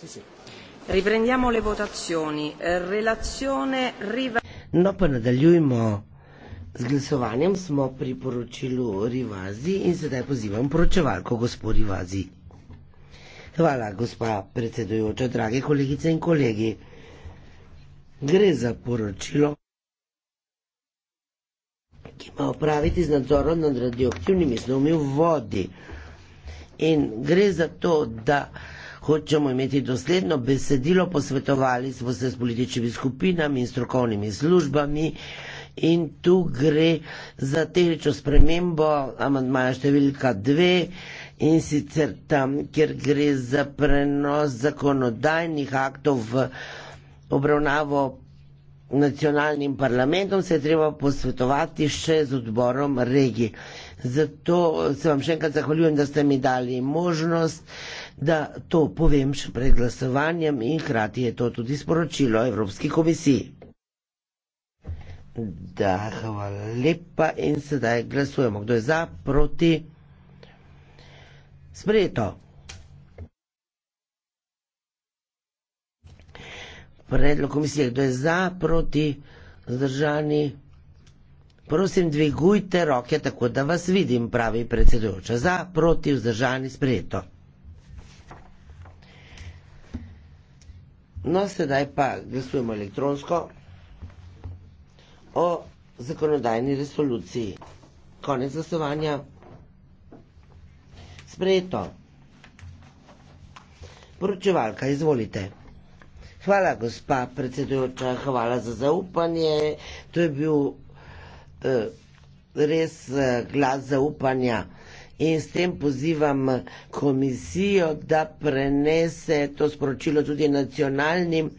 Sì, sì. Riprendiamo le votazioni. Eh, relazione Riva. No, pa nadaljujmo z glasovanjem. Smo pri poročilu Rivazi in sedaj pozivam poročevalko gospod Rivazi. Hvala, gospa predsedujoča, drage kolegice in kolegi. Gre za poročilo ki ima opraviti z nadzorom nad radioaktivnimi snovmi v vodi. In gre za to, da hočemo imeti dosledno besedilo, posvetovali smo se s političnimi skupinami in strokovnimi službami. In tu gre za tehnično spremembo amantmaja številka 2 in sicer tam, kjer gre za prenos zakonodajnih aktov v obravnavo nacionalnim parlamentom, se je treba posvetovati še z odborom regij. Zato se vam še enkrat zahvaljujem, da ste mi dali možnost da to povem še pred glasovanjem in hkrati je to tudi sporočilo Evropski komisiji. Da, hvala lepa in sedaj glasujemo, kdo je za, proti. Sprejeto. Predlog komisije, kdo je za, proti, zdržani. Prosim, dvigujte roke, tako da vas vidim, pravi predsedujoča. Za, proti, vzdržani, sprejeto. No, sedaj pa glasujemo elektronsko o zakonodajni resoluciji. Konec glasovanja. Sprejeto. Poročevalka, izvolite. Hvala, gospa predsedujoča, hvala za zaupanje. To je bil eh, res eh, glas zaupanja in s tem pozivam komisijo, da prenese to sporočilo tudi nacionalnim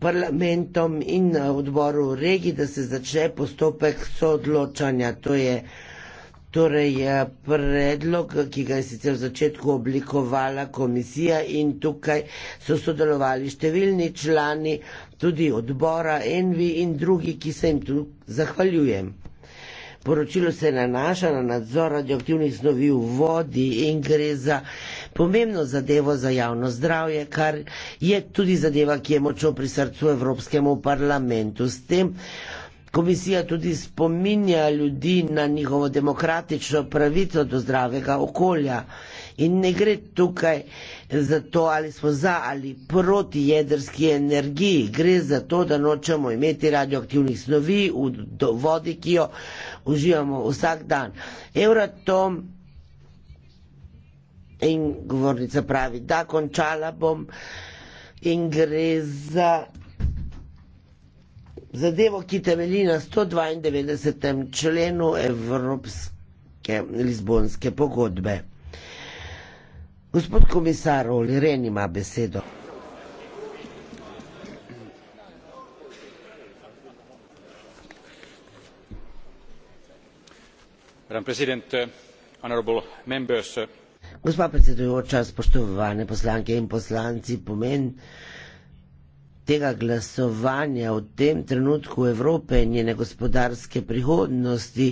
parlamentom in odboru regij, da se začne postopek soodločanja. To je torej eh, predlog, ki ga je sicer v začetku oblikovala komisija in tukaj so sodelovali številni člani tudi odbora Envi in drugi, ki se jim tu zahvaljujem. Poročilo se nanaša na nadzor radioaktivnih snovi v vodi in gre za pomembno zadevo za javno zdravje, kar je tudi zadeva, ki je močno pri srcu Evropskemu parlamentu. S tem komisija tudi spominja ljudi na njihovo demokratično pravico do zdravega okolja. In ne gre tukaj za to, ali smo za ali proti jedrski energiji. Gre za to, da nočemo imeti radioaktivnih snovi v vodi, ki jo uživamo vsak dan. Euratom in govornica pravi, da končala bom in gre za. Zadevo, ki temelji na 192. členu Evropske Lizbonske pogodbe. Gospod komisar, ali Ren ima besedo? Uh, Gospa predsedujoča, spoštovane poslanke in poslanci, pomen tega glasovanja v tem trenutku Evrope in njene gospodarske prihodnosti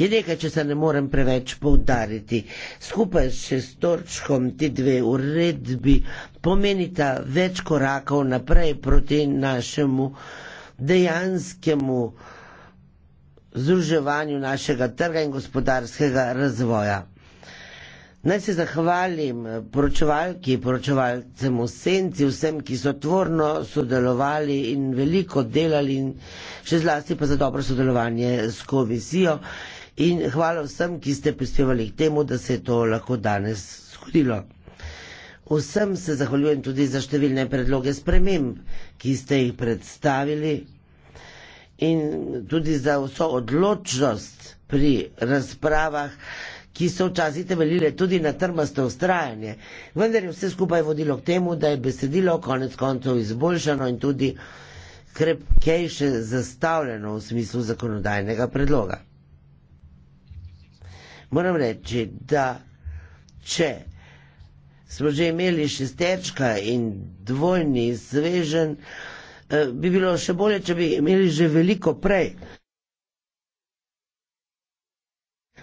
je nekaj, če se ne morem preveč poudariti. Skupaj še s točkom ti dve uredbi pomenita več korakov naprej proti našemu dejanskemu združevanju našega trga in gospodarskega razvoja. Naj se zahvalim eh, poročevalki, poročevalcem v senci, vsem, ki so tvorno sodelovali in veliko delali, in še zlasti pa za dobro sodelovanje s komisijo. In hvala vsem, ki ste prispevali k temu, da se je to lahko danes zgodilo. Vsem se zahvaljujem tudi za številne predloge sprememb, ki ste jih predstavili in tudi za vso odločnost pri razpravah, ki so včasih temeljile tudi na trmasto ustrajanje. Vendar je vse skupaj vodilo k temu, da je besedilo konec koncev izboljšano in tudi krepkejše zastavljeno v smislu zakonodajnega predloga. Moram reči, da če smo že imeli šesterčka in dvojni svežen, eh, bi bilo še bolje, če bi imeli že veliko prej.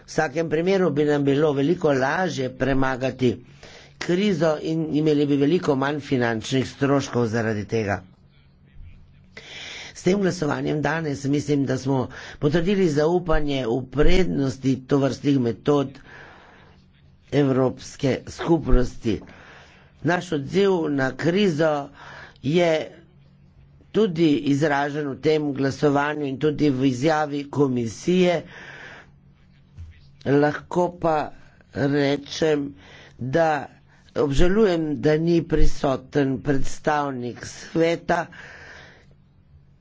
V vsakem primeru bi nam bilo veliko lažje premagati krizo in imeli bi veliko manj finančnih stroškov zaradi tega. S tem glasovanjem danes mislim, da smo potrdili zaupanje v prednosti tovrstnih metod Evropske skupnosti. Naš odziv na krizo je tudi izražen v tem glasovanju in tudi v izjavi komisije, lahko pa rečem, da obžalujem, da ni prisoten predstavnik sveta,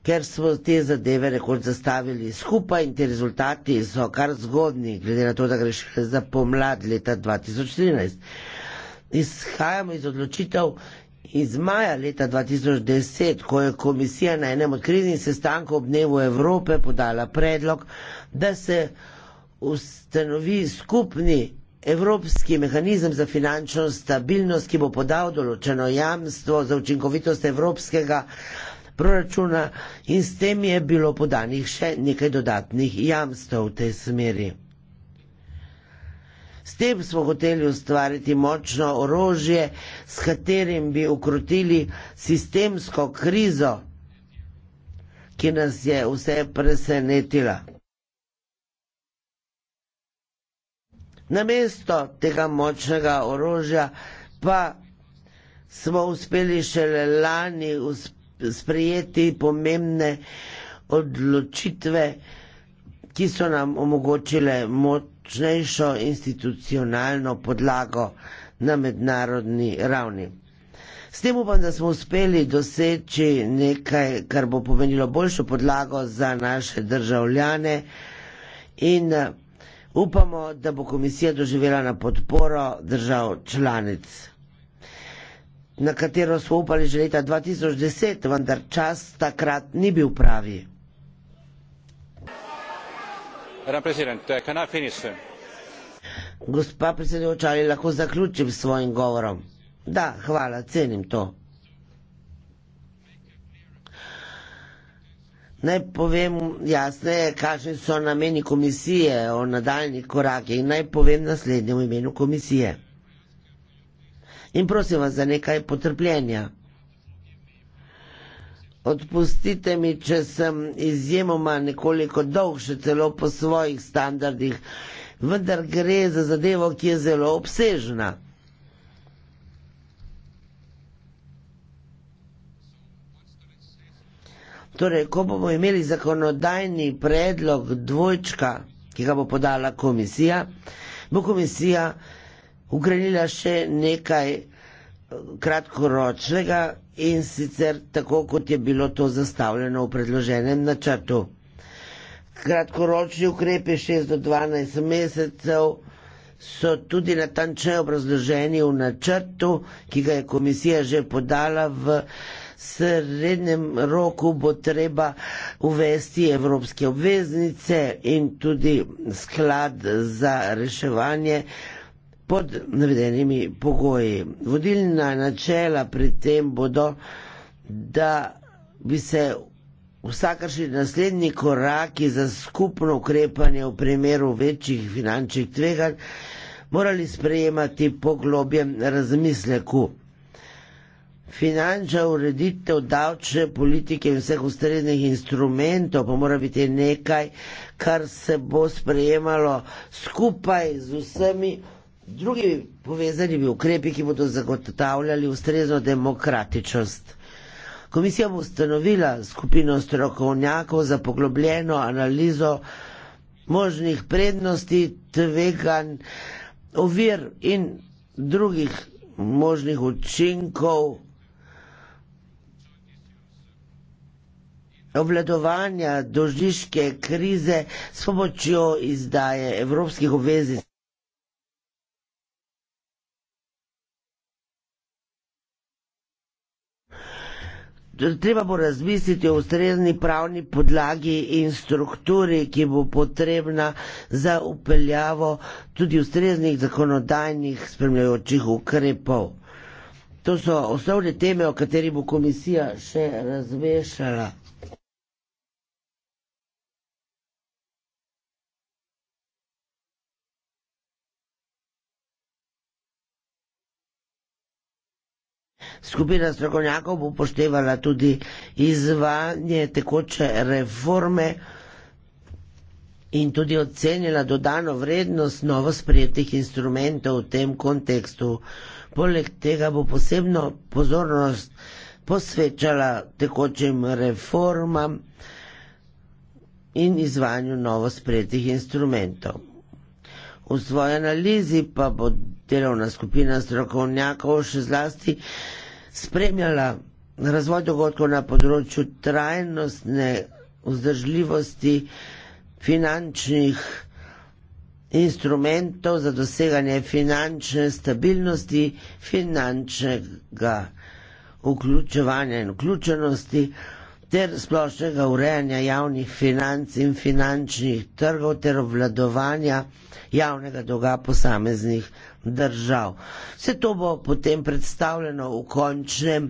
ker smo te zadeve rekord zastavili skupaj in ti rezultati so kar zgodni, glede na to, da greš za pomlad leta 2013. Izhajamo iz odločitev iz maja leta 2010, ko je komisija na enem od kriznih sestankov ob dnevu Evrope podala predlog, da se ustanovi skupni evropski mehanizem za finančno stabilnost, ki bo podal določeno jamstvo za učinkovitost evropskega proračuna in s tem je bilo podanih še nekaj dodatnih jamstv v tej smeri. S tem smo hoteli ustvariti močno orožje, s katerim bi ukrotili sistemsko krizo, ki nas je vse presenetila. Namesto tega močnega orožja pa smo uspeli šele lani sprijeti pomembne odločitve, ki so nam omogočile močnejšo institucionalno podlago na mednarodni ravni. S tem upam, da smo uspeli doseči nekaj, kar bo pomenilo boljšo podlago za naše državljane in Upamo, da bo komisija doživela na podporo držav članic, na katero smo upali že leta 2010, vendar čas takrat ni bil pravi. Uh, Gospa predsedujoča, ali lahko zaključim s svojim govorom? Da, hvala, cenim to. Naj povem, jasno je, kakšni so nameni komisije o nadaljnih korakih in naj povem naslednje v imenu komisije. In prosim vas za nekaj potrpljenja. Odpustite mi, če sem izjemoma nekoliko dolg, še celo po svojih standardih, vendar gre za zadevo, ki je zelo obsežna. Torej, ko bomo imeli zakonodajni predlog dvojčka, ki ga bo podala komisija, bo komisija ukrenila še nekaj eh, kratkoročnega in sicer tako, kot je bilo to zastavljeno v predloženem načrtu. Kratkoročni ukrepi 6 do 12 mesecev so tudi natančneje obrazloženi v načrtu, ki ga je komisija že podala v srednjem roku bo treba uvesti evropske obveznice in tudi sklad za reševanje pod navedenimi pogoji. Vodilna načela pri tem bodo, da bi se vsakršni naslednji koraki za skupno ukrepanje v primeru večjih finančnih tveganj morali sprejemati po globjem razmisleku finančna ureditev davčne politike in vseh ustrednih instrumentov pa mora biti nekaj, kar se bo sprejemalo skupaj z vsemi drugimi povezanimi ukrepi, ki bodo zagotavljali ustrezno demokratičnost. Komisija bo ustanovila skupino strokovnjakov za poglobljeno analizo možnih prednosti, tvegan, ovir in drugih možnih učinkov obvladovanja dožniške krize s pomočjo izdaje evropskih obveznic. Treba bo razmisliti o ustrezni pravni podlagi in strukturi, ki bo potrebna za upeljavo tudi ustreznih zakonodajnih spremljajočih ukrepov. To so osnovne teme, o kateri bo komisija še razvešala. Skupina strokovnjakov bo poštevala tudi izvanje tekoče reforme in tudi ocenila dodano vrednost novo sprejetih instrumentov v tem kontekstu. Poleg tega bo posebno pozornost posvečala tekočim reformam in izvanju novo sprejetih instrumentov. V svoji analizi pa bo delovna skupina strokovnjakov še zlasti spremljala razvoj dogodkov na področju trajnostne vzdržljivosti finančnih instrumentov za doseganje finančne stabilnosti, finančnega vključevanja in vključenosti ter splošnega urejanja javnih financ in finančnih trgov ter obvladovanja javnega dolga posameznih držav. Vse to bo potem predstavljeno v končnem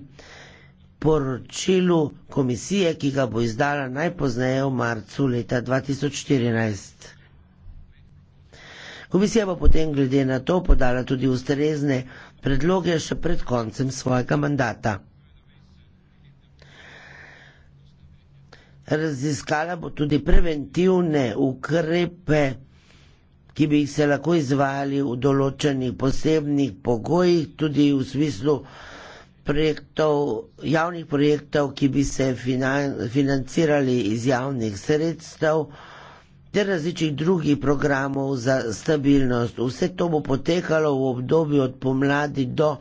poročilu komisije, ki ga bo izdala najpozneje v marcu leta 2014. Komisija bo potem glede na to podala tudi ustrezne predloge še pred koncem svojega mandata. raziskala bo tudi preventivne ukrepe, ki bi jih se lahko izvajali v določenih posebnih pogojih, tudi v smislu projektov, javnih projektov, ki bi se financirali iz javnih sredstev ter različnih drugih programov za stabilnost. Vse to bo potekalo v obdobju od pomladi do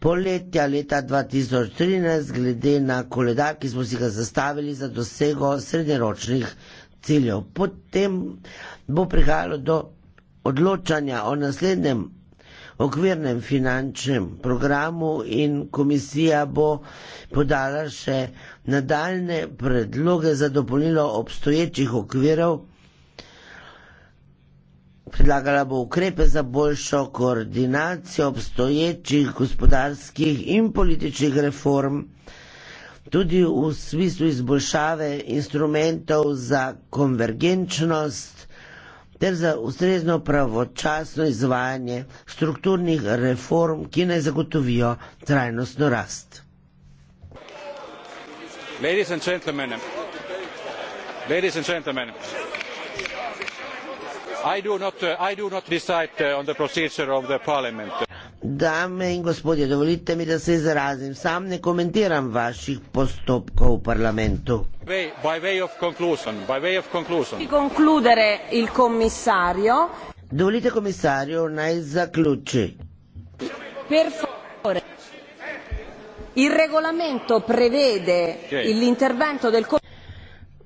poletja leta 2013 glede na koledar, ki smo si ga zastavili za dosego srednjeročnih ciljev. Potem bo prihajalo do odločanja o naslednjem okvirnem finančnem programu in komisija bo podala še nadaljne predloge za dopolnilo obstoječih okvirov. Predlagala bo ukrepe za boljšo koordinacijo obstoječih gospodarskih in političnih reform, tudi v smislu izboljšave instrumentov za konvergenčnost ter za ustrezno pravočasno izvajanje strukturnih reform, ki naj zagotovijo trajnostno rast. Ladies and gentlemen, ladies and gentlemen. Uh, uh, Dame in gospodje, dovolite mi, da se izrazim. Sam ne komentiram vaših postopkov v parlamentu. Dovolite komisarju naj zaključi. Il regolamento prevede okay. l'intervento del Consiglio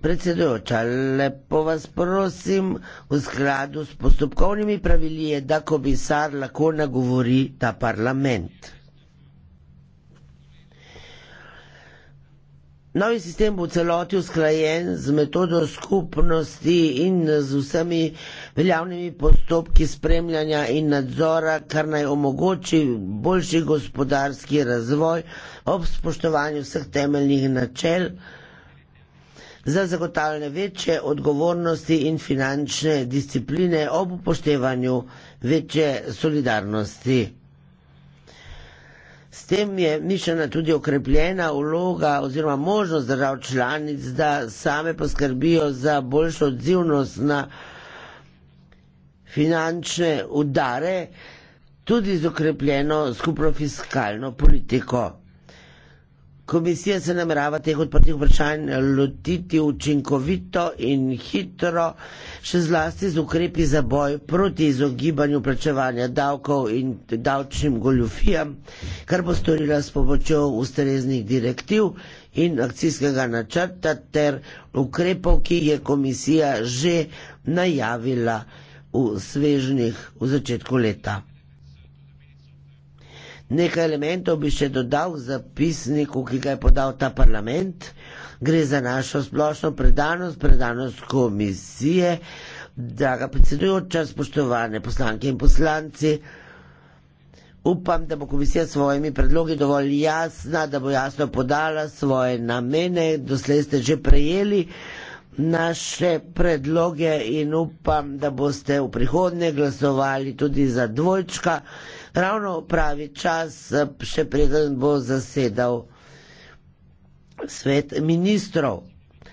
predsedujoča, lepo vas prosim, v skladu s postopkovnimi pravili je, da komisar lahko nagovori ta parlament. Novi sistem bo celoti usklajen z metodo skupnosti in z vsemi veljavnimi postopki spremljanja in nadzora, kar naj omogoči boljši gospodarski razvoj ob spoštovanju vseh temeljnih načel za zagotavljanje večje odgovornosti in finančne discipline ob upoštevanju večje solidarnosti. S tem je mišljena tudi okrepljena vloga oziroma možnost držav članic, da same poskrbijo za boljšo odzivnost na finančne udare, tudi z okrepljeno skupno fiskalno politiko. Komisija se namerava teh odprtih vprašanj lotiti učinkovito in hitro, še zlasti z ukrepi za boj proti izogibanju plačevanja davkov in davčnim goljufijam, kar bo storila s pomočjo ustreznih direktiv in akcijskega načrta ter ukrepov, ki je komisija že najavila v svežnih v začetku leta. Nekaj elementov bi še dodal v zapisniku, ki ga je podal ta parlament. Gre za našo splošno predanost, predanost komisije, da ga predsedujoča spoštovane poslanke in poslanci. Upam, da bo komisija s svojimi predlogi dovolj jasna, da bo jasno podala svoje namene. Doslej ste že prejeli naše predloge in upam, da boste v prihodnje glasovali tudi za dvojčka ravno pravi čas, še preden bo zasedal svet ministrov.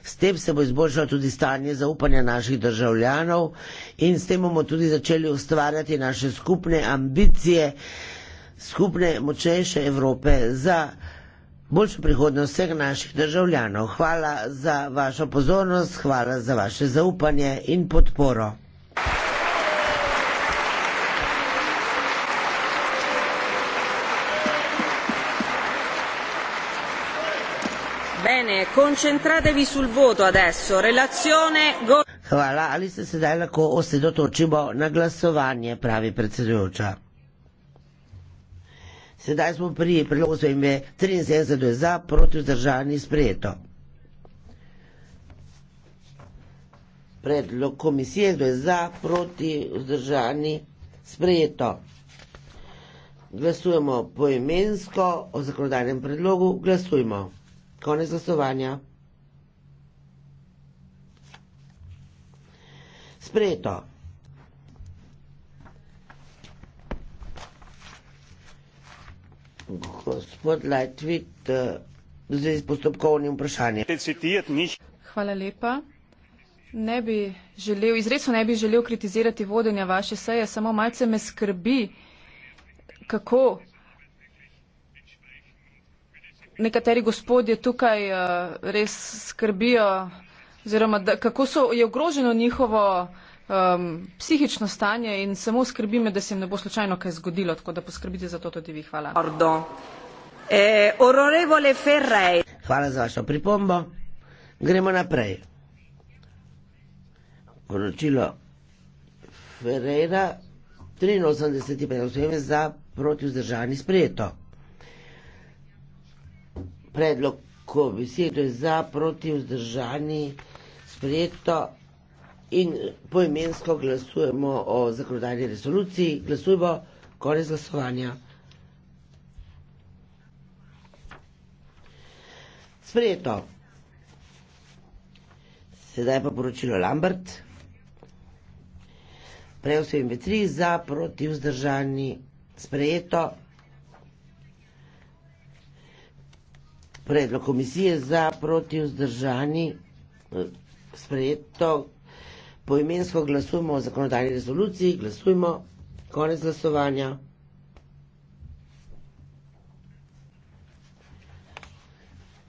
S tem se bo izboljšalo tudi stanje zaupanja naših državljanov in s tem bomo tudi začeli ustvarjati naše skupne ambicije, skupne močnejše Evrope za boljšo prihodnost vseh naših državljanov. Hvala za vašo pozornost, hvala za vaše zaupanje in podporo. Bene, concentratevi sul voto adesso. Relazione. Go- Hvala, ali ste sedaj lahko osredotočili na glasovanje, pravi predsedujoča. Sedaj smo pri predlogu za ime 73 za, proti vzdržani sprejeto. Predlog komisije je za, proti vzdržani sprejeto. Glasujemo poimensko o zakonodajnem predlogu. Glasujemo. Konec glasovanja. Sprejeto. Gospod Lajtvit, eh, v zvezi s postopkovnim vprašanjem. Hvala lepa. Ne bi želel, izredno ne bi želel kritizirati vodenja vaše seje, samo malce me skrbi, kako nekateri gospodje tukaj eh, res skrbijo, oziroma da, kako so, je ogroženo njihovo um, psihično stanje in samo skrbi me, da se jim ne bo slučajno kaj zgodilo, tako da poskrbite za to tudi vi. Hvala. Eh, Hvala za vašo pripombo. Gremo naprej. Poročilo Ferreira 83. prenosujem za protivzdržani sprejeto predlog komisije za proti vzdržani sprejeto in poimensko glasujemo o zakonodajni resoluciji. Glasujemo, konec glasovanja. Sprejeto. Sedaj pa poročilo Lambert. Prejel sem 3 za proti vzdržani sprejeto. predlog komisije za proti vzdržani eh, sprejeto. Poimensko glasujemo o zakonodajni rezoluciji, glasujemo, konec glasovanja.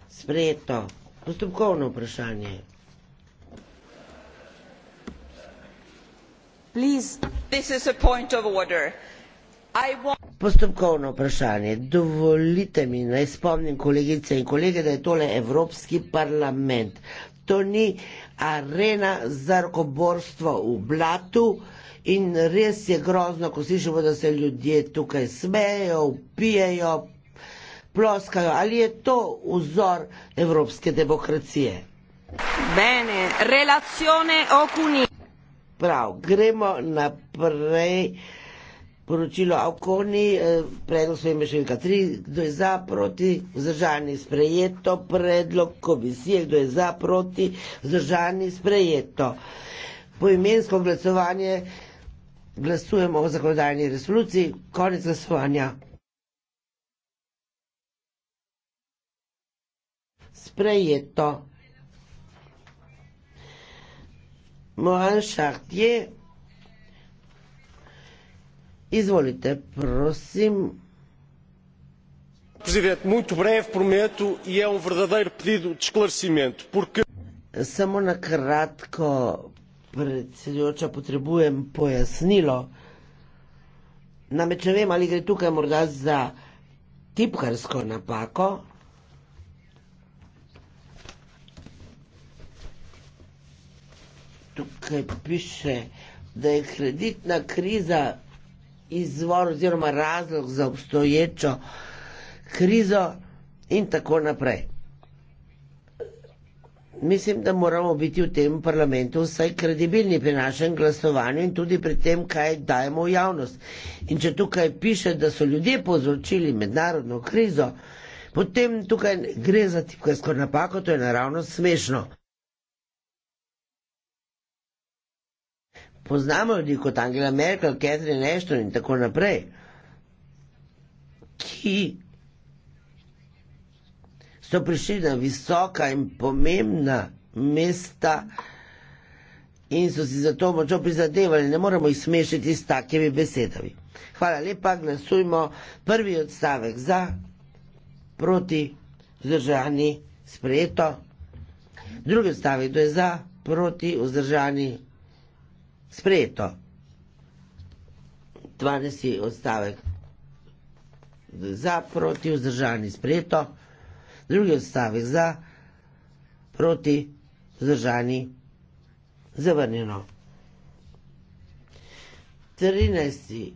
Sprejeto. Postopkovno vprašanje. Please. This is a point of order. I want Postopkovno vprašanje. Dovolite mi, naj spomnim kolegice in kolege, da je tole Evropski parlament. To ni arena za rokoborstvo v blatu in res je grozno, ko slišimo, da se ljudje tukaj smejejo, pijejo, ploskajo. Ali je to vzor evropske demokracije? Bene, relacione okuni. Prav, gremo naprej poročilo Avkoni, eh, predlog sprejme še enka tri, kdo je za, proti, vzdržani sprejeto, predlog komisije, kdo je za, proti, vzdržani sprejeto. Po imensko glasovanje glasujemo o zakonodajni resoluciji, konec glasovanja. Sprejeto. Mohan Šahtje, Izvolite, prosim. Presidente, muito breve, prometo, e é um verdadeiro pedido de esclarecimento, porque... Samo na kratko, predsedujoča, potrebujem pojasnilo. Namreč ne vem, ali gre tukaj morda za tipkarsko napako. Tukaj piše, da je kreditna kriza izvor oziroma razlog za obstoječo krizo in tako naprej. Mislim, da moramo biti v tem parlamentu vsaj kredibilni pri našem glasovanju in tudi pri tem, kaj dajemo v javnost. In če tukaj piše, da so ljudje povzročili mednarodno krizo, potem tukaj gre za tipkarsko napako, to je naravno smešno. poznamo ljudi kot Angela Merkel, Catherine Ashton in tako naprej, ki so prišli na visoka in pomembna mesta in so si zato močno prizadevali. Ne moremo jih smešiti s takimi besedami. Hvala lepa, glasujmo prvi odstavek za, proti, vzdržani, sprejeto. Drugi odstavek, to je za, proti, vzdržani, sprejeto sprejeto. 12. odstavek za, proti, vzdržani, sprejeto. Drugi odstavek za, proti, vzdržani, zavrnjeno. 13.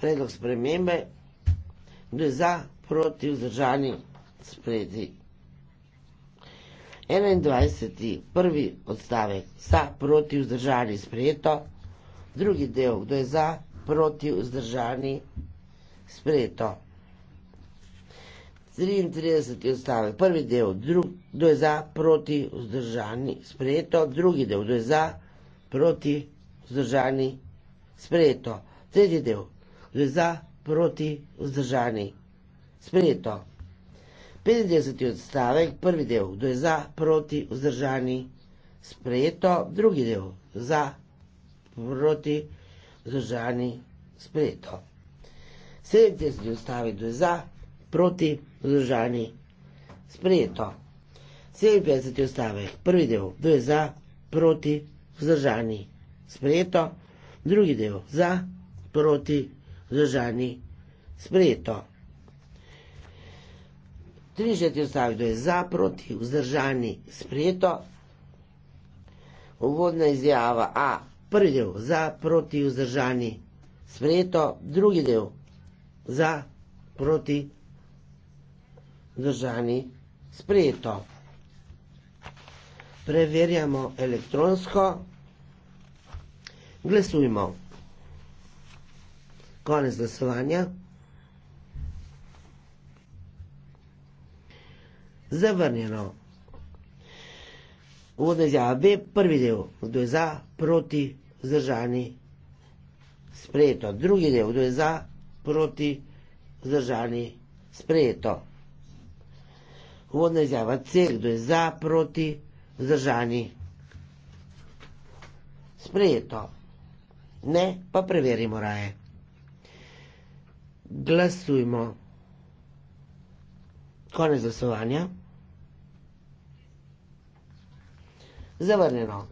predlog spremembe gre za, proti, vzdržani, sprejeti. 21. prvi odstavek za proti vzdržani sprejeto, drugi del, kdo je za proti vzdržani sprejeto. 33. odstavek, prvi del, drug, kdo je za proti vzdržani sprejeto, drugi del, kdo je za proti vzdržani sprejeto, tretji del, kdo je za proti vzdržani sprejeto. 50. odstavek, prvi del, kdo je za, proti, vzdržani, sprejeto, drugi del, za, proti, vzdržani, sprejeto. 70. odstavek, kdo je za, proti, vzdržani, sprejeto. 57. odstavek, prvi del, kdo je za, proti, vzdržani, sprejeto, drugi del, za, proti, vzdržani, sprejeto. 33 odstavkov je za, proti, vzdržani, sprejeto. Uvodna izjava A, prvi del za, proti, vzdržani, sprejeto, drugi del za, proti, vzdržani, sprejeto. Preverjamo elektronsko, glasujmo. Konec glasovanja. zavrnjeno. Uvodna izjava B, prvi del, kdo je za, proti, zdržani, sprejeto. Drugi del, kdo je za, proti, zdržani, sprejeto. Uvodna izjava C, kdo je za, proti, zdržani, sprejeto. Ne, pa preverimo raje. Glasujmo. Konec glasovanja. Zavrnjeno.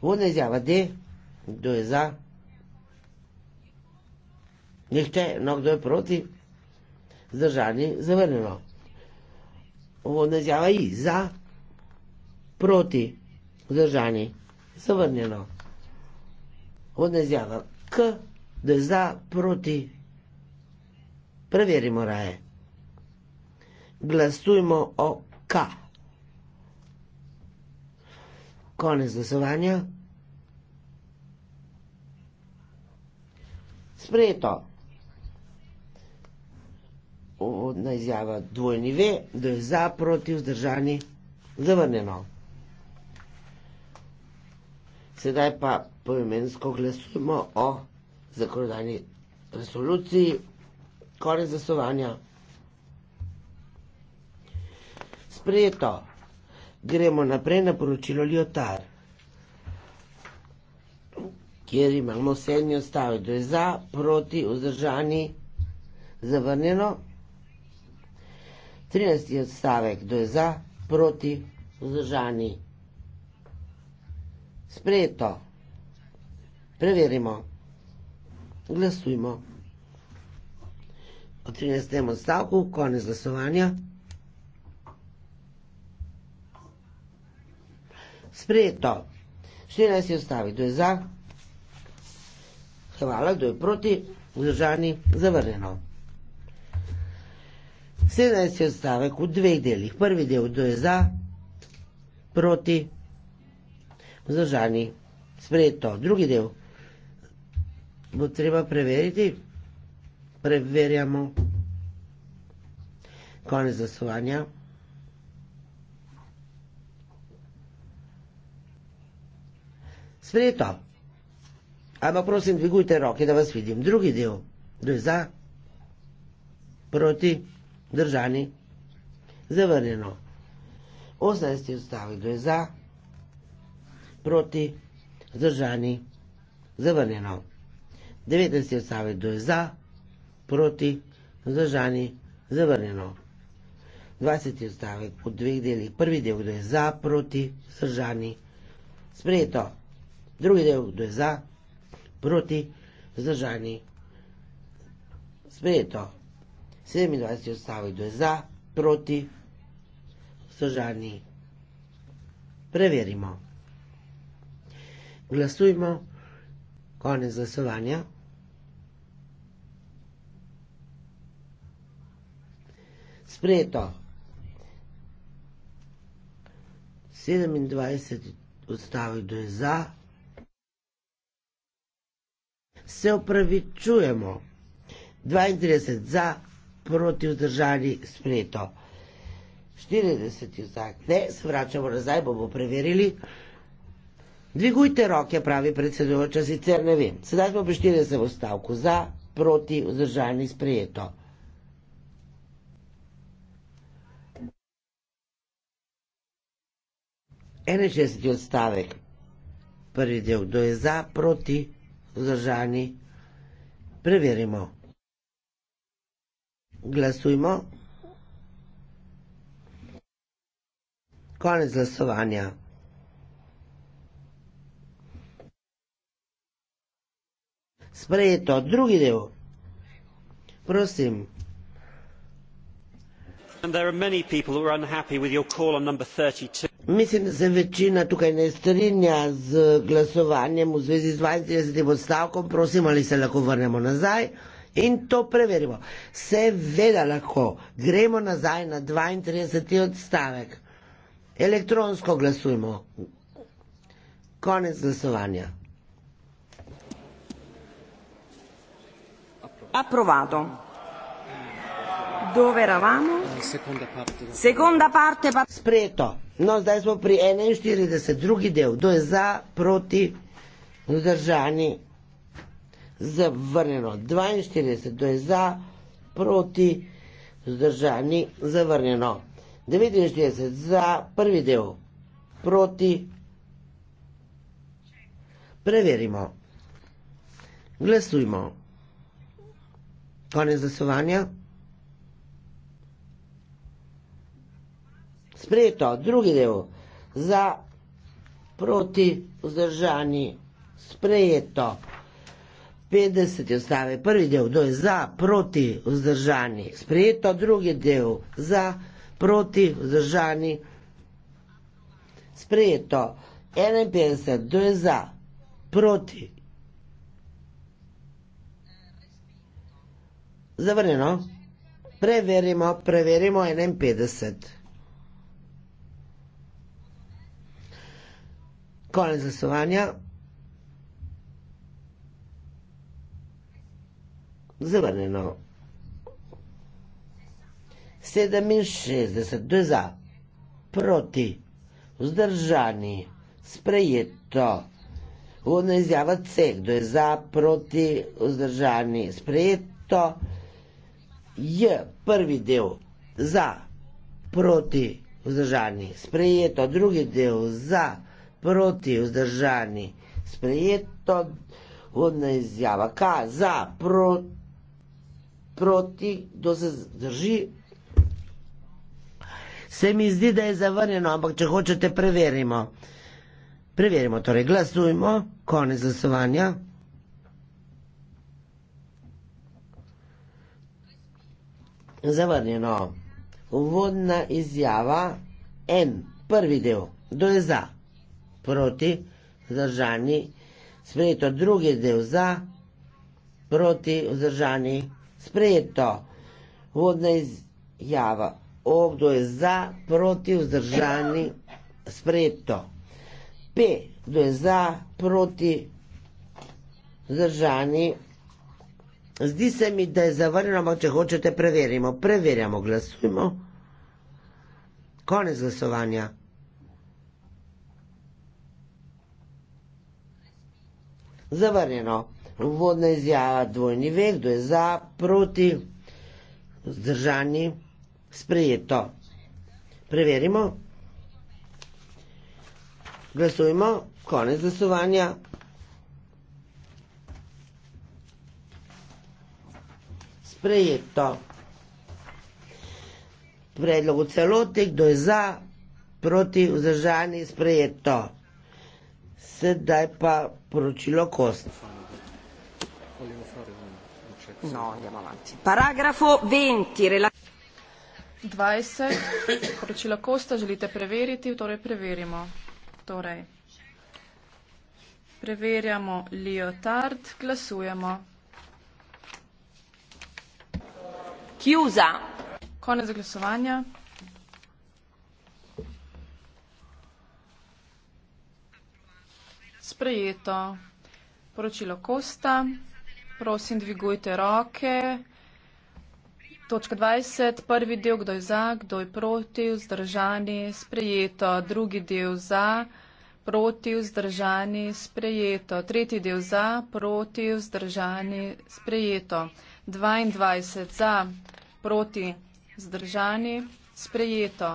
Vodna izjava D, kdo je za? Nihče, no kdo je proti? Zdržani, zavrnjeno. Vodna izjava I, za? Proti, zdržani, zavrnjeno. Vodna izjava K, kdo je za, proti? Preverimo raje. Glasujmo o K. K. Konec glasovanja. Sprejeto. Uvodna izjava dvojni ve, da je za, proti, vzdržani, zavrnjeno. Sedaj pa poimensko glasujemo o zakonodajni resoluciji. Konec glasovanja. Sprejeto gremo naprej na poročilo Ljotar, kjer imamo sedmi odstavek. To je za, proti, vzdržani, zavrnjeno. 13. odstavek, kdo je za, proti, vzdržani. Sprejeto. Preverimo. Glasujmo. O 13. odstavku, konec glasovanja. sprejeto. 14 je ostavi, kdo je za, hvala, kdo je proti, vzdržani, zavrnjeno. 17 je ostavek v dveh delih. Prvi del, kdo je za, proti, vzdržani, sprejeto. Drugi del, bo treba preveriti, preverjamo. Konec zasovanja. Sprejeto. Ampak prosim, dvigujte roke, da vas vidim. Drugi del. Kdo je za? Proti? Držani? Zavrnjeno. 18. odstavek. Kdo je za? Proti? Zdržani? Zavrnjeno. 19. odstavek. Kdo je za? Proti? Zdržani? Zavrnjeno. 20. odstavek. Po dveh delih. Prvi del. Kdo je za? Proti? Zdržani? Sprejeto drugi del kdo je za, proti, zdržani, sprejeto. 27. odstavek kdo je za, proti, zdržani. Preverimo. Glasujmo. Konec glasovanja. Sprejeto. 27 odstavek kdo je za, se opravičujemo. 32 za, proti vzdržali sprejeto. 40 za, ne, se vračamo nazaj, bomo preverili. Dvigujte roke, pravi predsedujoča, sicer ne vem. Sedaj smo pri 40 v stavku za, proti vzdržali sprejeto. Enajstdeseti odstavek, prvi del, kdo je za, proti, vzdržani. Preverimo. Glasujmo. Konec glasovanja. Sprejeto drugi del. Prosim. Mislim, da se večina tukaj ne strinja z glasovanjem v zvezi z 32. odstavkom, prosim, ali se lahko vrnemo nazaj in to preverimo. Seveda lahko gremo nazaj na 32. odstavek. Elektronsko glasujemo. Konec glasovanja. Aprovado dove eravamo? Seconda parte. Seconda parte pa... Spreto. No, zdaj smo pri 41. Drugi del. To je za, proti, vzdržani, zavrnjeno. 42. To je za, proti, vzdržani, zavrnjeno. 49. Za, prvi del. Proti. Preverimo. Glasujmo. Konec zasovanja. Sprejeto, drugi del. Za proti vzdržani sprejeto. 50. ustave, prvi del, to je za proti vzdržani. Sprejeto, drugi del, za proti vzdržani. Sprejeto, 51. to je za proti. Zavrnjeno. Preverimo, preverimo 51. konec glasovanja. Zavrnjeno. 67, kdo je za? Proti. Vzdržani. Sprejeto. Uvodna izjava C, kdo je za, proti, vzdržani. Sprejeto. J, prvi del, za, proti, vzdržani. Sprejeto. Drugi del, za, proti proti vzdržani. Sprejeto vodna izjava. K za pro, proti, kdo se zdrži. Se mi zdi, da je zavrnjeno, ampak če hočete, preverimo. Preverimo, torej glasujmo, konec glasovanja. Zavrnjeno. Uvodna izjava en, prvi del. Kdo je za? proti, vzdržani, sprejeto drugi del za, proti, vzdržani, sprejeto. Vodna izjava. O, kdo je za, proti, vzdržani, sprejeto. P, kdo je za, proti, vzdržani. Zdi se mi, da je zavrnjeno, ampak če hočete, preverimo. Preverjamo, glasujmo. Konec glasovanja. zavrnjeno. Vodna izjava dvojni vek, kdo je za, proti, zdržani, sprejeto. Preverimo. Glasujemo. Konec glasovanja. Sprejeto. Predlog v celoti, kdo je za, proti, vzdržani, sprejeto. Sedaj pa poročilo kost. No, jemo vanci. Paragrafo 20. 20. Poročilo kosta želite preveriti, torej preverimo. Torej, preverjamo Liotard, glasujemo. Kjuza. Konec glasovanja. sprejeto. Poročilo Kosta. Prosim, dvigujte roke. Točka 20. Prvi del, kdo je za, kdo je proti, vzdržani, sprejeto. Drugi del za, proti, vzdržani, sprejeto. Tretji del za, proti, vzdržani, sprejeto. 22. Za, proti, vzdržani, sprejeto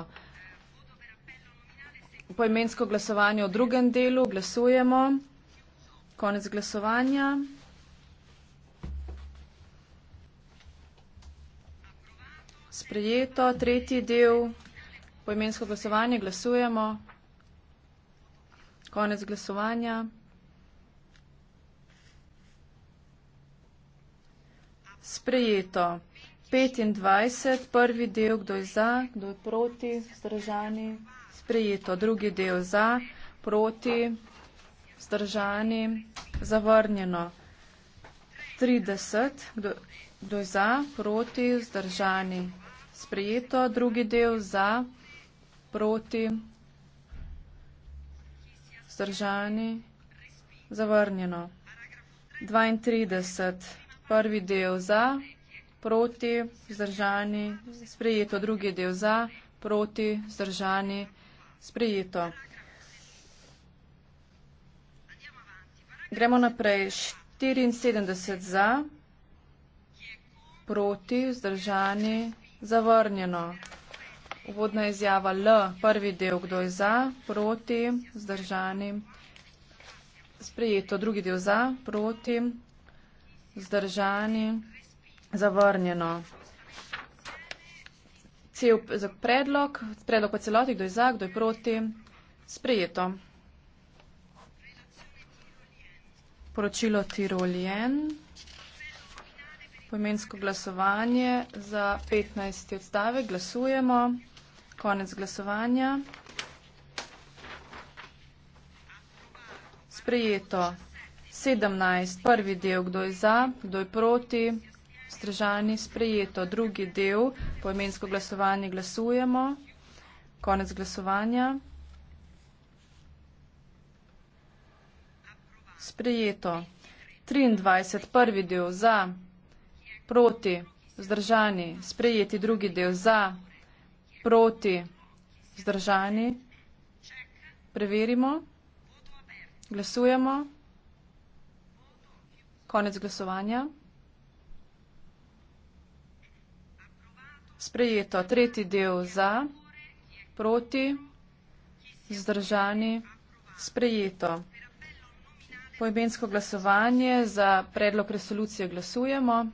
poimensko glasovanje v drugem delu. Glasujemo. Konec glasovanja. Sprejeto. Tretji del. Poimensko glasovanje. Glasujemo. Konec glasovanja. Sprejeto. 25. Prvi del. Kdo je za? Kdo je proti? Zdržani sprejeto. Drugi del za, proti, zdržani, zavrnjeno. 30, kdo, kdo za, proti, zdržani, sprejeto. Drugi del za, proti, zdržani, zavrnjeno. 32, prvi del za, proti, zdržani, sprejeto. Drugi del za, proti, zdržani, sprejeto. Sprejeto. Gremo naprej. 74 za, proti, vzdržani, zavrnjeno. Uvodna izjava L, prvi del, kdo je za, proti, vzdržani, sprejeto. Drugi del za, proti, vzdržani, zavrnjeno cel predlog, predlog pa celoti, kdo je za, kdo je proti, sprejeto. Poročilo Tirolien. Pojmensko glasovanje za 15. odstavek. Glasujemo. Konec glasovanja. Sprejeto. 17. Prvi del, kdo je za, kdo je proti, Stržani sprejeto. Drugi del, poimensko glasovanje, glasujemo. Konec glasovanja. Sprejeto. 23. Prvi del za, proti, zdržani, sprejeti drugi del za, proti, zdržani. Preverimo. Glasujemo. Konec glasovanja. Sprejeto. Tretji del za, proti, zdržani. Sprejeto. Poimensko glasovanje za predlog resolucije glasujemo.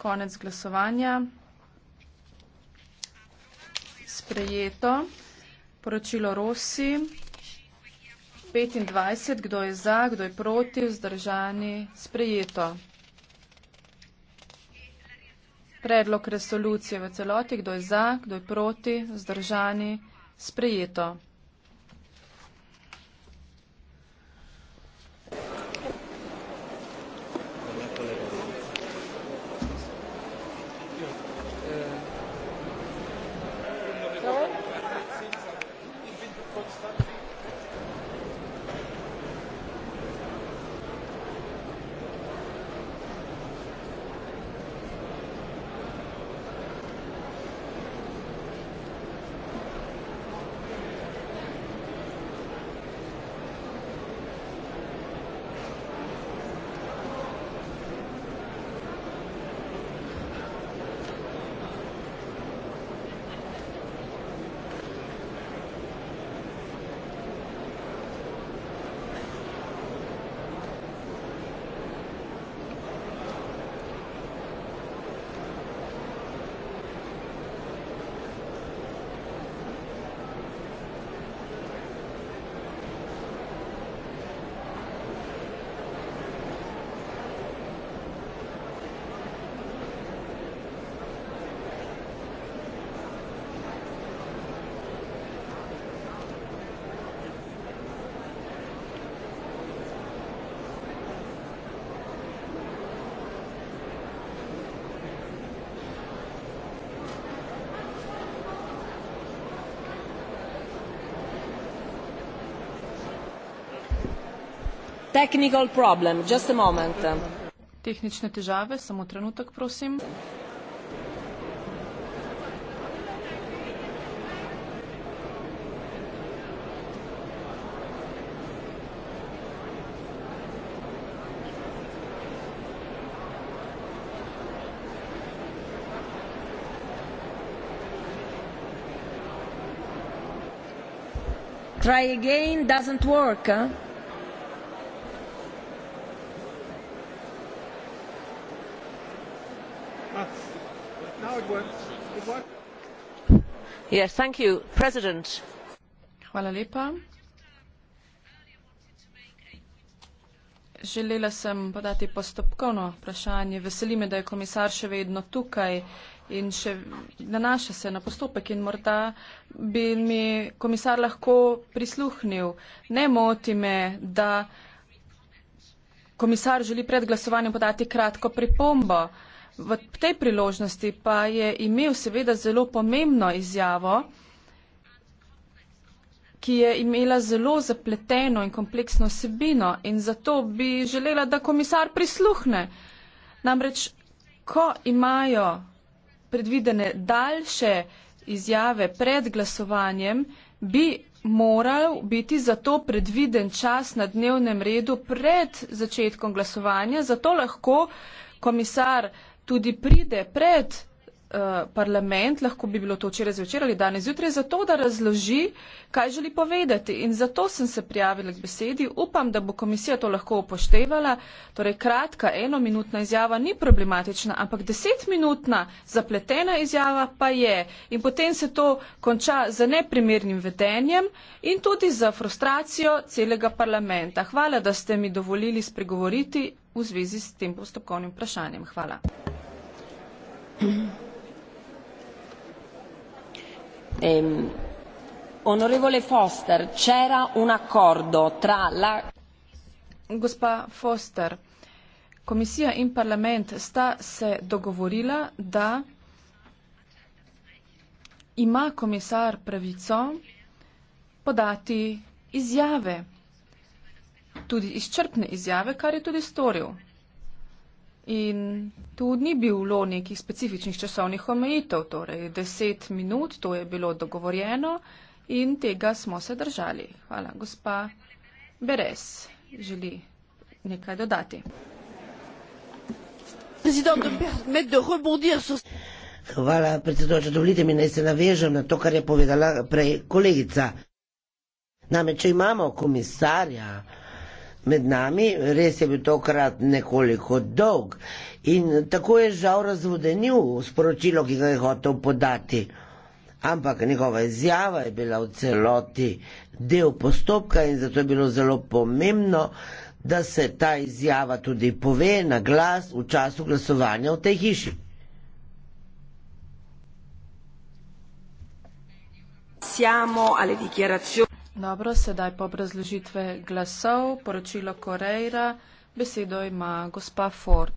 Konec glasovanja. Sprejeto. Poročilo Rosi. 25. Kdo je za, kdo je proti, vzdržani. Sprejeto. Predlog resolucije v celoti, kdo je za, kdo je proti, vzdržani, sprejeto. technical problem. Just a moment. Tehnične težave, samo trenutek, prosim. Try again, doesn't work. Huh? Želela sem podati postopkovno vprašanje. Veseli me, da je komisar še vedno tukaj in še nanaša se na postopek in morda bi mi komisar lahko prisluhnil. Ne moti me, da komisar želi pred glasovanjem podati kratko pripombo. V tej priložnosti pa je imel seveda zelo pomembno izjavo, ki je imela zelo zapleteno in kompleksno sebino in zato bi želela, da komisar prisluhne. Namreč, ko imajo predvidene daljše izjave pred glasovanjem, bi moral biti zato predviden čas na dnevnem redu pred začetkom glasovanja, zato lahko komisar tudi pride pred uh, parlament, lahko bi bilo to včeraj zvečer ali danes zjutraj, zato da razloži, kaj želi povedati. In zato sem se prijavila k besedi. Upam, da bo komisija to lahko upoštevala. Torej, kratka enominutna izjava ni problematična, ampak desetminutna zapletena izjava pa je. In potem se to konča z neprimernim vedenjem in tudi z frustracijo celega parlamenta. Hvala, da ste mi dovolili spregovoriti v zvezi s tem postopkovnim vprašanjem. Hvala. Ehm, onorevole foster c'era un accordo tra la gospa foster komisija in parlament sta se dogovorila da ima komisar pravico podati izjave tudi izčrpne izjave kar je tudi storil In tu ni bilo nekih specifičnih časovnih omejitev, torej 10 minut, to je bilo dogovorjeno in tega smo se držali. Hvala, gospa Beres. Želi nekaj dodati. Hvala, predsedoča, dovolite mi, naj se navežem na to, kar je povedala prej kolegica. Namreč, če imamo komisarja, med nami, res je bil tokrat nekoliko dolg in tako je žal razvodenil sporočilo, ki ga je hotel podati. Ampak njegova izjava je bila v celoti del postopka in zato je bilo zelo pomembno, da se ta izjava tudi pove na glas v času glasovanja v tej hiši. Siamo alle dichiarazioni. Dobro, sedaj po obrazložitve glasov, poročilo Korejra, besedo ima gospa Ford.